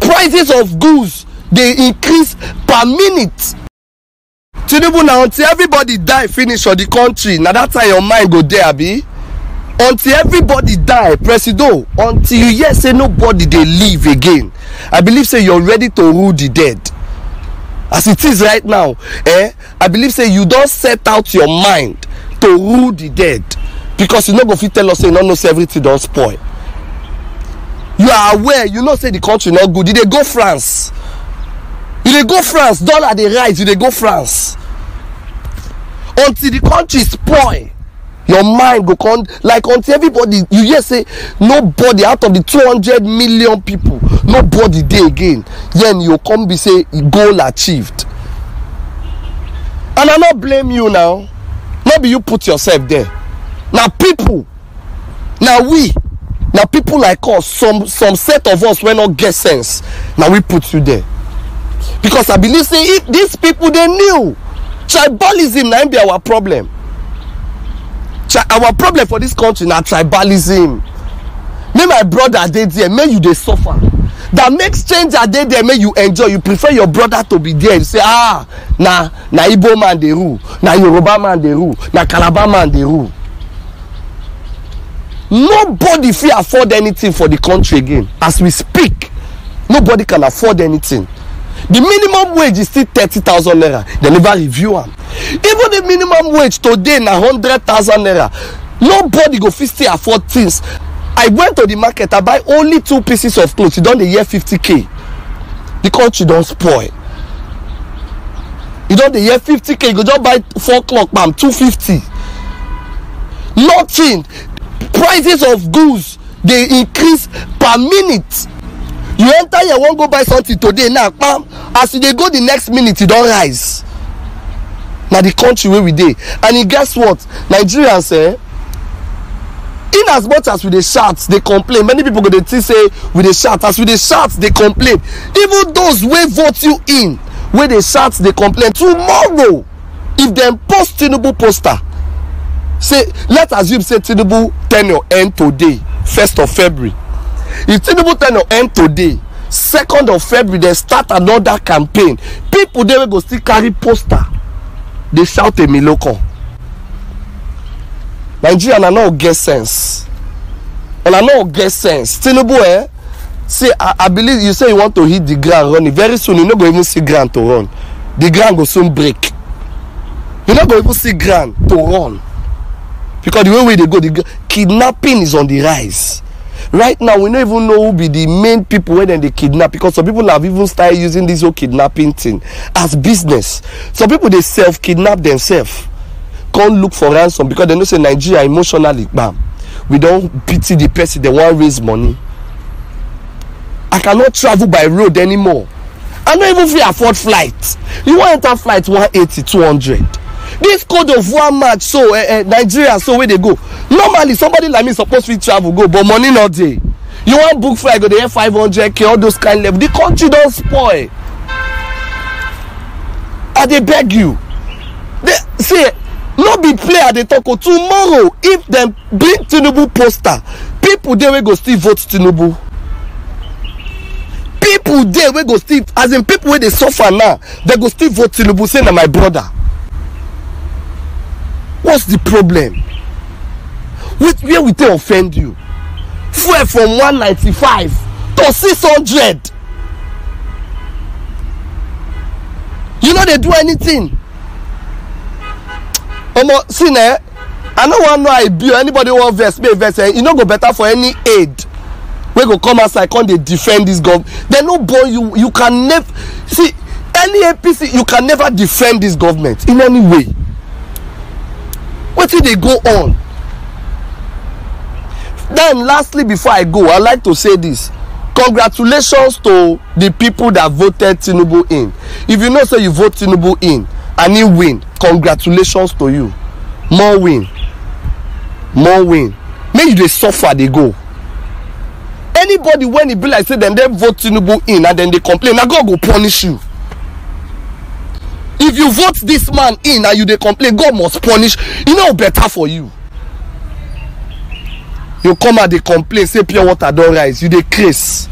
prices of goods dey increase per minute tinubu na until everybody die finish for the country na that time your mind go dey abi until everybody die presido until you hear say nobody dey live again i believe say you're ready to rule the dead as it is right now eh i believe say you don't set out your mind to rule the dead because you no go fit tell us say you no know say everything Don't spoil you are aware you know say the country not good you dey go france you dey go france dollar dey rise you dey go france until the country spoil your mind go come like until everybody you hear say nobody out of the two hundred million people nobody dey again Then you come be say goal achieved and i no blame you now no be you put yourself there na people na we na people like us some some set of us wey no get sense na we put you there because i believe say if these people dey new tribalism na be our problem our problem for this country na tribalism May my brother dey there May you dey suffer that make stranger dey there May you enjoy you prefer your brother to be there you say ah na na igbo man dey rule na yoruba man dey rule na calabar man dey rule nobody fit afford anything for the country again as we speak nobody can afford anything the minimum wage is still thirty thousand naira they never review am even the minimum wage today na hundred thousand naira nobody go fit still afford things i went to the market i buy only two pieces of cloth e don dey hear fifty k the country don spoil you don dey hear fifty k you go just buy four clock palm two fifty nothing prices of goods dey increase per minute you enter here wan go buy something today now pam as you dey go the next minute e don rise na the country wey we dey and e guess what nigerians eh in as much as we dey shout dey complain many people go dey think say we dey shout as we dey shout dey complain even those wey vote you in wey dey shout dey complain tomorrow if dem post tinubu poster say let assume say tinubu ten ure end today first of february if tinubu ten ure end today second of february dem start another campaign people dey wey go still carry poster dey shout èmi ló kàn nigeria na no get sense una no get sense tinubu eh see i i believe you say you want to hit the ground running very soon you no go even see ground to run the ground go soon break you no go even see ground to run because the way wey dey go the kidnapping is on the rise right now we no even know who be the main people wey dem dey kidnap because some people have even started using this whole kidnapping thing as business some people dey self kidnap themselves come look for ransom because they know say nigeria emotionally bam. we don pity the person they wan raise money i cannot travel by road anymore i no even fit afford flight you wan enter flight one eighty two hundred this code of one match so uh, uh, nigeria so wey dey go normally somebody like me suppose fit travel go but money no dey you wan book flight go dey hear 500 k all those kind level the country don spoil i dey beg you They see no be play i dey talk o tomorrow if dem bring tinubu poster people dey wey go still vote tinubu People dey wey go still as in people wey dey suffer now dem go still vote tinubu say na my brother what's the problem with where we take offend you fuel from one ninety-five to six hundred you no dey do anything omo see na i no wan know how e be or anybody wan vex Me vex eh e no go better for any aid wey go come outside come dey defend this government dem no born you you can never see any apc you can never defend this government in any way wetin dey go on then lastly before i go i like to say this congratulations to the people that voted tinubu in if you know say you vote tinubu in and he win congratulations to you more win more win make you dey suffer dey go anybody when e be like say dem dey vote tinubu in and dem dey complain na god go punish you if you vote this man in and you dey complain god must punish You know better for you you come out dey complain say pure water don rise you dey craze.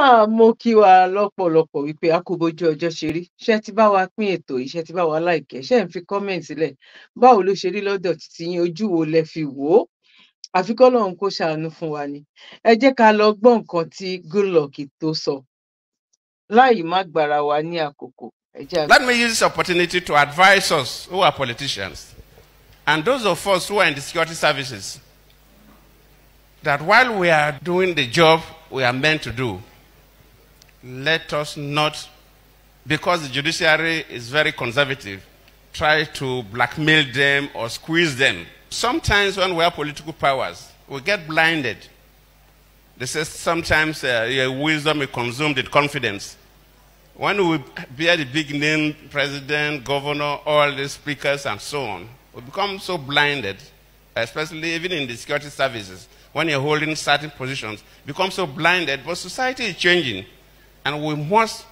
Ah, mo kí wa lọ́pọ̀lọpọ̀ wípé a kò bójú ọjọ́ ṣe rí ṣé ti bá wa pín ètò yìí ṣé ti bá wa láìkẹ́ ṣé ń fi kọ́mẹ̀ǹtì sílẹ̀ báwo ló ṣe rí lọ́dọ̀ títí yín ojú wo lẹ fi wò ó àfi kó ṣàánú fún wa ni ẹ jẹ́ ká lọ gbọ́ nǹkan tí Goodluck tó sọ láì má gbára wa ní àkókò. Let me use this opportunity to advise us who are politicians and those of us who are in the security services that while we are doing the job we are meant to do, let us not, because the judiciary is very conservative, try to blackmail them or squeeze them sometimes when we are political powers, we get blinded. They say sometimes uh, wisdom is consumed with confidence. When we bear the big name, president, governor, all the speakers, and so on, we become so blinded, especially even in the security services, when you're holding certain positions, become so blinded. But society is changing, and we must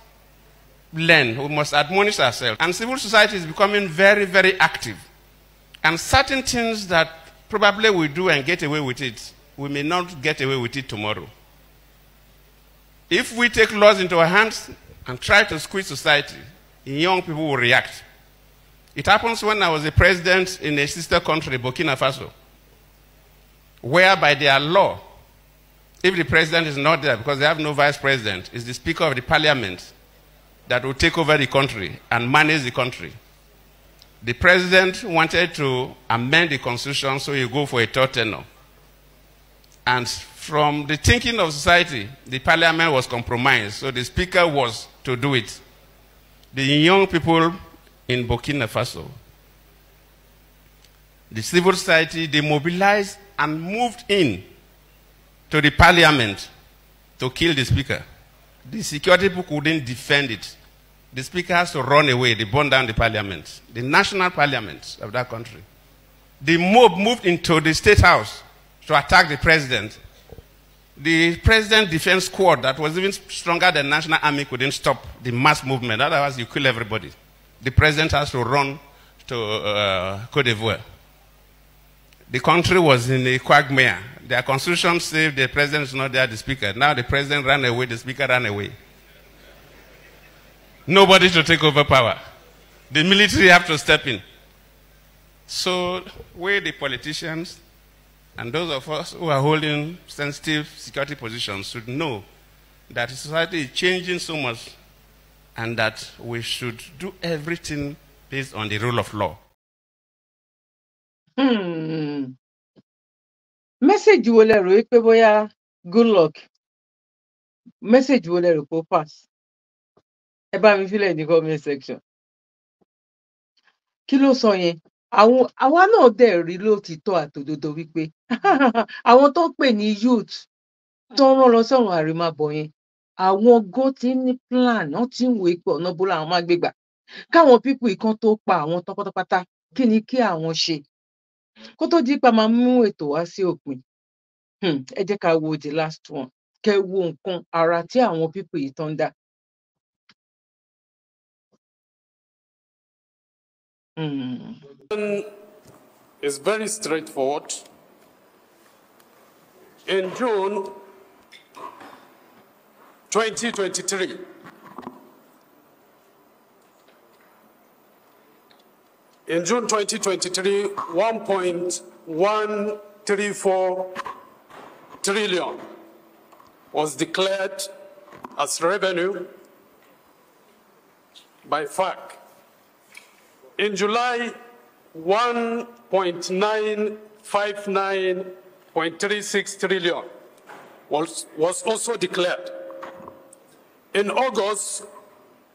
learn, we must admonish ourselves. And civil society is becoming very, very active. And certain things that probably we do and get away with it, we may not get away with it tomorrow. If we take laws into our hands and try to squeeze society, young people will react. It happens when I was a president in a sister country, Burkina Faso, where by their law, if the president is not there because they have no vice president, it's the speaker of the parliament that will take over the country and manage the country the president wanted to amend the constitution so he go for a third tenure. And from the thinking of society, the parliament was compromised, so the speaker was to do it. The young people in Burkina Faso, the civil society, they mobilized and moved in to the parliament to kill the speaker. The security people couldn't defend it the speaker has to run away. They burned down the parliament, the national parliament of that country. The mob moved into the state house to attack the president. The president defense squad that was even stronger than national army couldn't stop the mass movement. Otherwise, you kill everybody. The president has to run to uh, Cote d'Ivoire. The country was in a quagmire. Their constitution said the president is not there, the speaker. Now the president ran away, the speaker ran away. Nobody to take over power. The military have to step in. So we, the politicians, and those of us who are holding sensitive security positions should know that society is changing so much and that we should do everything based on the rule of law. Hmm. Message will good luck. Message will pass. ẹ bá mi sílẹ̀ ní comment section. kí ló sọ yẹn àwọn àwa náà dẹ̀ rí lóòtítọ́ àtòdodo wípé [laughs] àwọn tó ń pè ní youth tó ń rán lọ sọ́run àrèmábọ̀ yẹn àwọn gan ti ní plan náà ti ń wò pé ọ̀nà bọ́lá àwọn máa gbé gbà káwọn pípù ìkan tó pa àwọn tán kí ni kí àwọn ṣe kó tó di pa máa mú ètò wá sí òpin hmm, ẹ jẹ́ ká wo the last one kẹ́ wo nǹkan ara tí àwọn pípù yìí tán ń dá Mm. It's very straightforward. In June 2023, in June 2023, 1.134 trillion was declared as revenue by FARC. In July, 1.959.36 trillion was, was also declared. In August,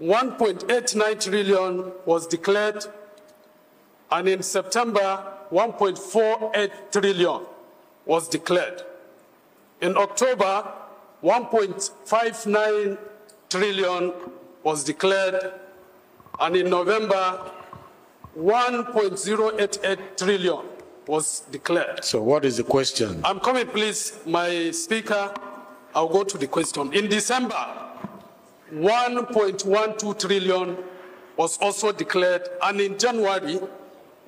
1.89 trillion was declared, and in September, 1.48 trillion was declared. In October, 1.59 trillion was declared, and in November, 1.088 trillion was declared. So what is the question? I'm coming, please, my speaker. I'll go to the question. In December, 1.12 trillion was also declared, and in January,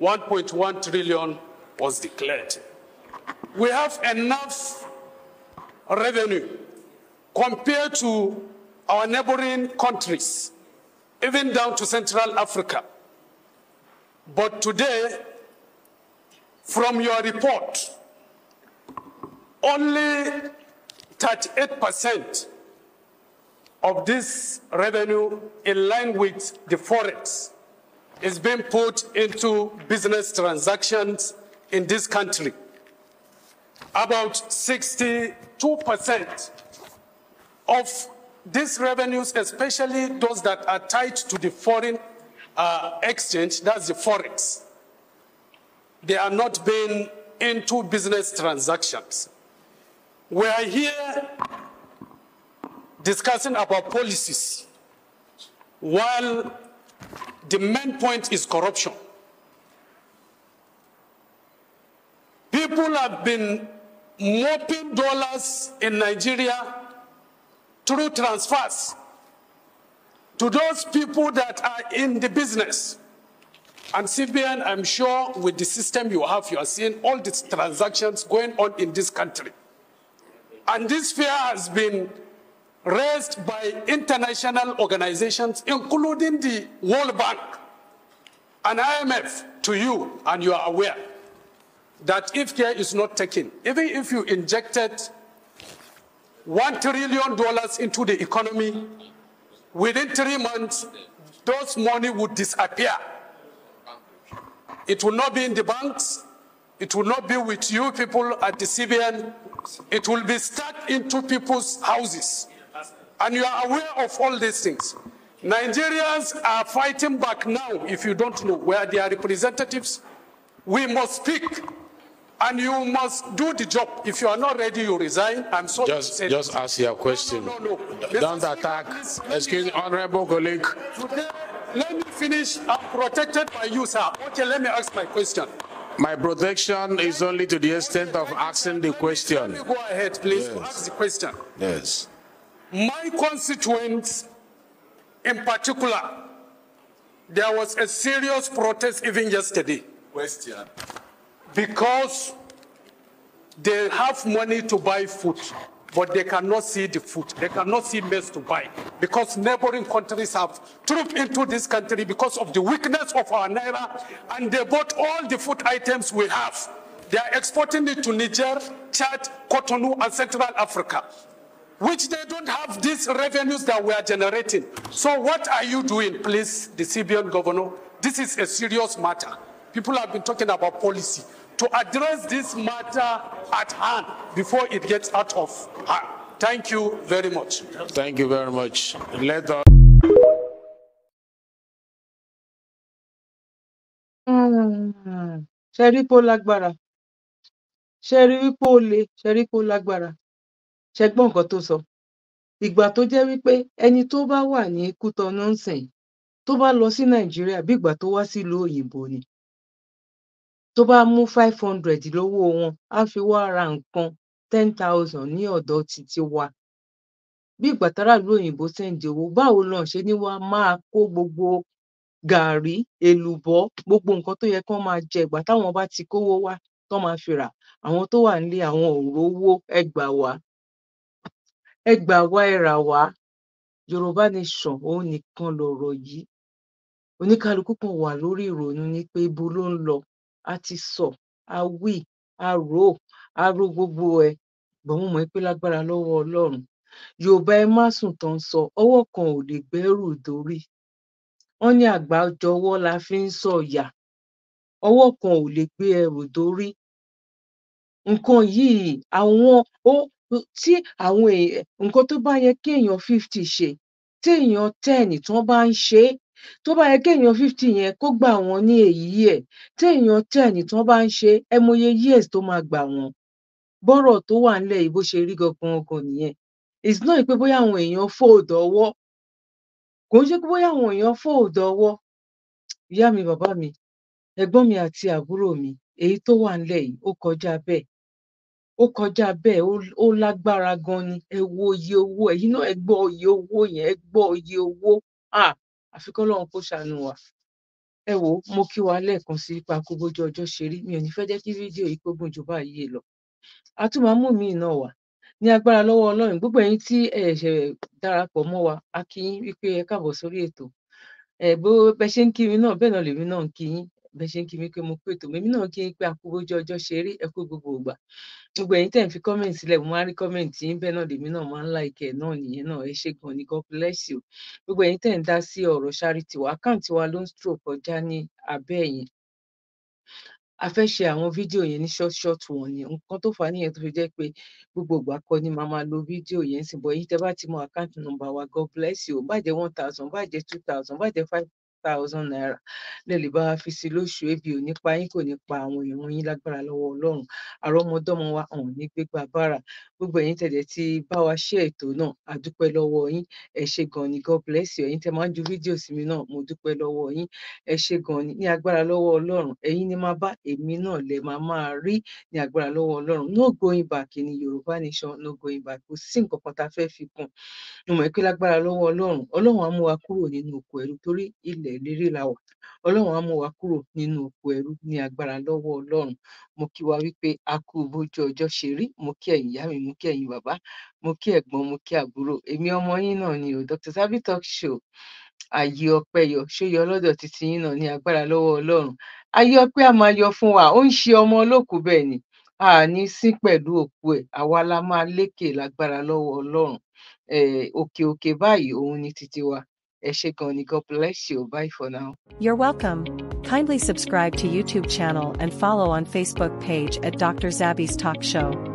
1.1 trillion was declared. We have enough revenue compared to our neighboring countries, even down to Central Africa. But today, from your report, only 38% of this revenue in line with the forex is being put into business transactions in this country. About 62% of these revenues, especially those that are tied to the foreign uh, exchange, that's the forex, they are not being into business transactions. We are here discussing about policies, while the main point is corruption. People have been mopping dollars in Nigeria through transfers to those people that are in the business. And CBN, I'm sure with the system you have, you are seeing all these transactions going on in this country. And this fear has been raised by international organizations, including the World Bank and IMF, to you, and you are aware that if care is not taken, even if you injected $1 trillion into the economy, Within three months, those money would disappear. It will not be in the banks. It will not be with you people at the CBN. It will be stuck into people's houses. And you are aware of all these things. Nigerians are fighting back now, if you don't know, where their representatives. We must speak and you must do the job. If you are not ready, you resign. I'm sorry. Just, just ask your question. No, no, no, Don't attack. Excuse me, honorable colleague. Today, let me finish. I'm protected by you, sir. Okay, let me ask my question. My protection is only to the extent of asking the question. Let me go ahead, please. Yes. Ask the question. Yes. My constituents, in particular, there was a serious protest even yesterday. Question because they have money to buy food, but they cannot see the food. They cannot see maize to buy because neighboring countries have trooped into this country because of the weakness of our naira, and they bought all the food items we have. They are exporting it to Niger, Chad, Cotonou, and Central Africa, which they don't have these revenues that we are generating. So what are you doing, please, the Serbian governor? This is a serious matter. People have been talking about policy. to address this matter at hand before it gets out of hand. Thank you very much. Thank you very much. Let the. ṣe rí pó lágbára ṣe rí wípé ó le ṣe rí pó lágbára ṣe gbọ́ nǹkan tó sọ ìgbà tó jẹ́ wípé ẹni tó bá wà ní kútọ́nù ń tó bá lọ sí nàìjíríà bí ìgbà tó wá sílùú òyìnbó ni tó bá mú five hundred lọ́wọ́ wọn á fi wá ra nǹkan ten thousand ní ọ̀dọ̀ ti wa bí ìgbà táráàlú òyìnbó sẹ́ǹdì owó báwo lọ́n ṣe ní wàá máa kó gbogbo gàárì èlùbọ́ gbogbo nǹkan tó yẹ kí wọ́n máa jẹ ìgbà táwọn bá ti kówó wá tán máa fi rà àwọn tó wà nílé àwọn ò ẹ gbà wá ẹ gbà wá ẹ rà wá yorùbá nation òun nìkan lọ̀rọ̀ yìí oníkálukú kan wà lórí ìrònú ni pé ibo ló ń lọ a ti sọ a wí a rò a ro gbogbo ẹ ṣùgbọn mo mọ pé lágbára lọwọ ọlọrun yorùbá ẹ má sùn tán sọ ọwọ kan ò lè gbẹrù dórí wọn ní àgbájọ ọwọ la fi ń sọyà ọwọ kan ò lè gbé ẹrù dórí nǹkan yìí àwọn ó tí àwọn nǹkan tó bá yẹ kéèyàn fifty ṣe téèyàn ten tí wọn bá ń ṣe é tó bá yẹ kéèyàn fifty yẹn kó gbà wọn ní èyí yẹ téèyàn ten tán bá ń ṣe ẹ mọye years tó máa gbà wọn bọrọ tó wà nílẹ̀ yìí bó ṣe rí gangan gan nìyẹn it's not pé bóyá àwọn èèyàn fold ọwọ́ kò ń ṣe pé bóyá àwọn èèyàn fold ọwọ́ ìyá mi bàbá mi ẹ̀gbọ́n mi àti àbúrò mi èyí tó wà nílẹ̀ yìí ó kọjá bẹ́ẹ̀ ó kọjá bẹ́ẹ̀ ó lágbára gan ni ẹ wo iye owó ẹ̀yin náà ẹ gbọ́ iye owó yẹn ẹ gbọ́ iye owó ah àfi kọlọrun kò ṣàánú wa ẹ wò ó mo kí wa lẹẹkan sí ipa kó bójú ọjọ ṣe rí mi ò ní fẹ jẹ kí fídíò yìí kó gùn jù báyìí lọ a tún máa mú mi náà wá ní agbára lọ́wọ́ Ọlọ́run gbogbo ẹ̀yin tí ẹ ṣe darapọ̀ mọ́ wa a kí yín wípé ẹ káàbọ̀ sórí ètò ẹ bó bẹ ṣe ń kí mi náà bẹ́ẹ̀ náà lèmi náà ń kí yín bẹ ṣe ń kí mi pé mo pé ètò mi náà kí n pé akúbójú ọjọ́ ṣe rí ẹ kú gbogbo ìgbà gbogbo ẹ̀yin tẹ́ ń fi kọ́mẹ̀ntì sílẹ̀ mo máa ń rí kọ́mẹ̀ntì yín bẹ́ẹ̀ náà lèmi náà máa ń láìkẹ́ náà nìyẹn náà ẹ ṣe gan ni god bless you gbogbo ẹ̀yin tẹ́ ń dá sí ọ̀rọ̀ charity wa àkáǹtì wa ló ń strò kọjá ní abẹ́ ẹ̀yìn a fẹ́ ṣe àwọn fídíò yẹn ní short short wọn ni nǹkan tó fà á nìyẹn tó fi jẹ́ pé gbogbo ìgbà kọ́ ni màá máa lo fídíò yẹn sì bọ̀ èyí tẹ́ bá ti mọ àkáǹtì nọ́mbà wa god bless you bàjẹ́ one thousand bàjẹ́ two thousand bàjẹ́ five thousand naira lẹ́lẹ̀ bá wa fi sí lóṣù ebi ò ní yín kò ní àwọn ìran yín lágbára lọ́wọ́ ọlọ́run àrọ́mọdọ́mọ wa ọ̀hún ní gbégbá bára gbogbo ẹ̀yin tẹ̀dẹ̀ tí bá wa ṣe ètò náà a dúpẹ́ lọ́wọ́ yín ẹ ṣé gan ni god bless you ẹ̀yin tẹ máa ń ju fídíò sí mi náà mo dúpẹ́ lọ́wọ́ yín ẹ ṣé gan ni ní agbára lọ́wọ́ ọlọ́run ẹ̀yin ni máa bá èmi náà lẹ máa máa rí ní agbára lọ́wọ́ ọlọ́run no going back ni yorùbá nation no going back kò sí nǹkan kan tá a fẹ́ fi kún mo mọ̀ pé lágbára lọ́wọ́ ọlọ́run ọlọ́run á mú wa kúrò nínú oko ẹ̀rú torí ilẹ̀ rere la wà ọlọrun á mú wa kúrò nínú oko ẹrú ní agbára lọwọ ọlọrun mo kí wa wípé a kú bójú ọjọ ṣe rí mo kí ẹyin ìyá mi mo kí ẹyin bàbá mo kí ẹgbọn mo kí àbúrò èmi ọmọ yín náà ni o dr sabi talk show ààyè ọpẹ yọ ṣó yọ lọdọ títí yín náà ní agbára lọwọ ọlọrun ayé ọpẹ á máa yọ fún wa ó ń ṣe ọmọ olókùú bẹẹ ni a ní sín pẹlú òkú ẹ àwa la máa lékè lágbára lọwọ ọlọrun òkè òkè báyìí òun ni títí Eshekoni. God bless you. Bye for now. You're welcome. Kindly subscribe to YouTube channel and follow on Facebook page at Dr. Zabby's Talk Show.